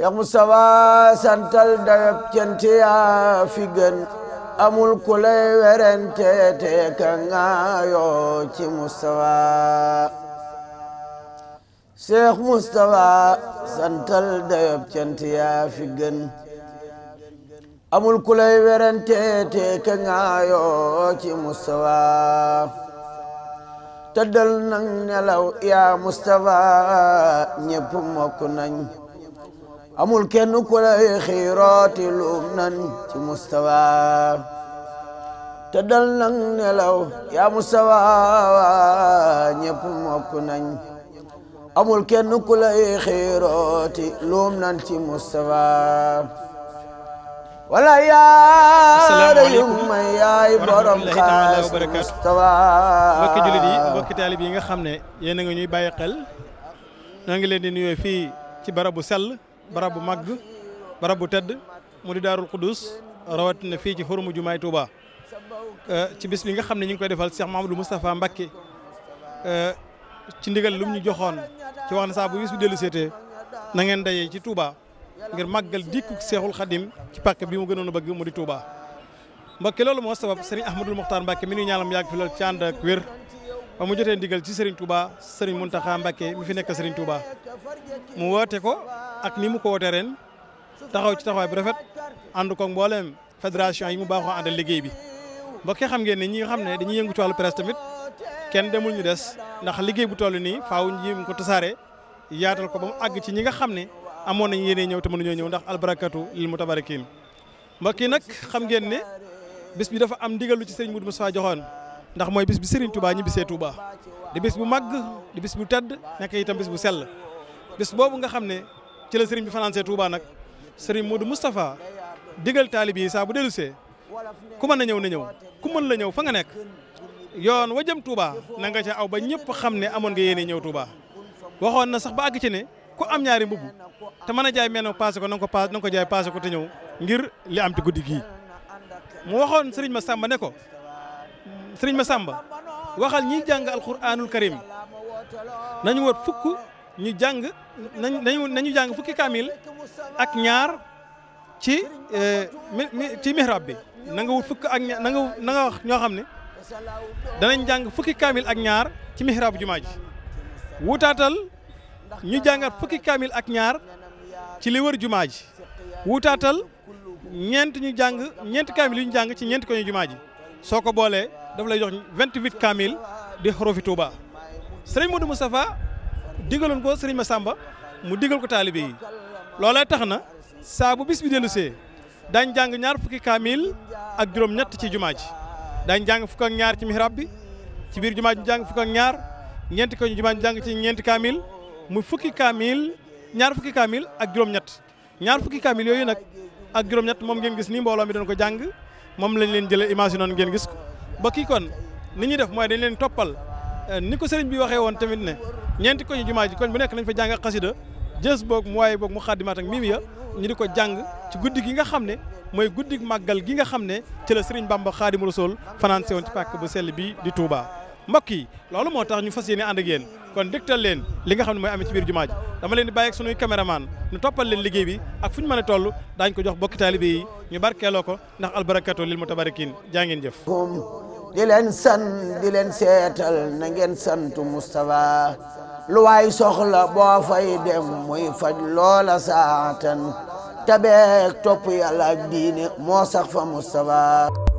Cheikh Moustapha santal dayob cant yaa fi gën amul ku lay werante te ka ngaayoo ci Moustapha Cheikh Moustapha santal dayob cant yaa fi gën amul ku lay werante te ka ngaayoo ci Moustapha tëddal nang nelaw yaa Moustapha ñépp mokk nañ amul kenn ku lay xiirooti luum nan ci mustawa te dal nang nelaw yaa mustawa ñépp mokk nañ amul kenn ku lay xiirooti luum nan ci mustawa wala yaara yu may yaay borom xaas mustawa mbokki jullit yi mbokki taalib yi nga xam ne yéen a nga ñuy bàyyi xel ñoo ngi leen di nuyoo fii ci barabu sell barab bu màgg barab bu tedd mu di daarul Qudus rawatina fii ci xurumu jumaay Touba euh, ci bis bi nga xam ne ñu ngi koy defal Cheikh Mamadou Moustapha Mbacké euh, ci ndigal lu ñu joxoon ci wax ne saa bu bis bi dellu seetee na ngeen dayee ci Touba ngir màggal dikku Seexul Xadim ci pàkk bi mu gënoon a bëgg mu di Touba. mbokki loolu moo sabab Serigne Ahmadul Mokhtar Mbacké mi ñu ñaanam yàgg fi lool ci ànd ak ba mu jotee ndigal ci Serigne Touba Serigne munta Mbacké mi fi nekk Serigne Touba ko. ak ni mu ko wootee ren taxaw ci taxawaay bu rafet ànd ko mbooleem fédération yi mu baaxoo àndal liggéey bi mbokk yi xam ngeen ne ñi nga xam ne dañuy yëngu ci wàllu presse tamit kenn demul ñu des ndax liggéey bu toll nii faaw ñu ko tasaare yaatal ko ba mu àgg ci ñi nga xam ne amoon nañu yéene ñëw te mënuñoo ñëw ndax albarakatu lil mutabarikin mbokk yi nag xam ngeen ne bis bi dafa am ndigalu ci sëriñ Moudou Moustapha joxoon ndax mooy bis bi sëriñ Touba ñibbisee Touba di bis bu màgg bis bu tedd nekk itam bis bu sell bis ci la sëriñ bi fanaanse Touba nag sëriñ Modou Moustapha digal taalib yi saa bu dellusee ku mën na ñëw na ñëw ku mën la ñëw fa nga nekk yoon wa jëm Touba na nga ca aw ba ñëpp xam ne amoon nga yéene ñëw Touba waxoon na sax ba àgg ci ne ku am ñaari mbubb te mën a jaay mel ne paase ko na ko paase na nga ko jaay paase ko te ñëw ngir li am ci guddi gii mu waxoon sëriñ ma sàmba ne ko sëriñ ma sàmba waxal ñiy jàng alquraanul karim nañu wër fukk ñu jàng nañu nañu jàng fukki kaamil ak ñaar ci eh, ci mihrab bi na nga wut fukk ak wax ñoo xam ne danañ jàng fukki kaamil ak ñaar ci mihrab jumaa ji wutaatal ñu jàngat fukki kaamil ak ñaar ci li wër jumaa wutaatal ñeent ñu jàng ñeent kaamil yu ñu jàng ci ñeent ko ñu ji soo ko boolee daf lay jox 28 kaamil di xorofi Tuuba sëriñ Modou Moustapha digaloon ko sëriñ sàmba mu digal ko taalibe yi loolee tax na saa bu bis bi dellusee daañ jàng ñaar fukki kaamil ak juróom-ñett ci jumaa ji daañ jàng fukk ak ñaar ci mihrab bi ci biir jumaa ji jàng fukk ak ñaar ñeenti ko jumaa ji jàng ci ñeenti kaamil mu fukki kaamil ñaar fukki kaamil ak juróom-ñett ñaar fukki kaamil yooyu nag ak juróom-ñett moom ngeen gis nii mbooloo mi doon ko jàng moom lañ leen jëlee image noonu ngeen gis ko ba kon ni ñuy def mooy dañ leen toppal eh, ni ko sëriñ bi waxee woon tamit ne ñeenti ko jumaa koñ bu nekk nañ fa jàng ak xasida jës boog mu waaye boog mu xaddimaat ak ya ñu di ko jàng ci guddi gi nga xam ne mooy guddi màggal gi nga xam ne ci la Serigne Bamba Xaadimu Rasuul fanaan sewoon ci pàkk bu sell bi di Touba mbokk yi loolu moo tax ñu fas yéene ànd ak kon dégtal leen li nga xam ne mooy amee ci biir jumaa ji dama leen di bàyyi ak sunuy caméraman ñu toppal leen liggéey bi ak fu ñu mën a toll daañ ko jox bokki taalibe yi ñu barkeeloo ko ndax albarakaatu lil mutabarikin jaa ngeen jëf di leen san di leen seetal na ngeen santu Moustapha lu waay soxla boo fay dem muy faj loola saatan tabeek topp yàlla ak diine moo sax fa Mustafa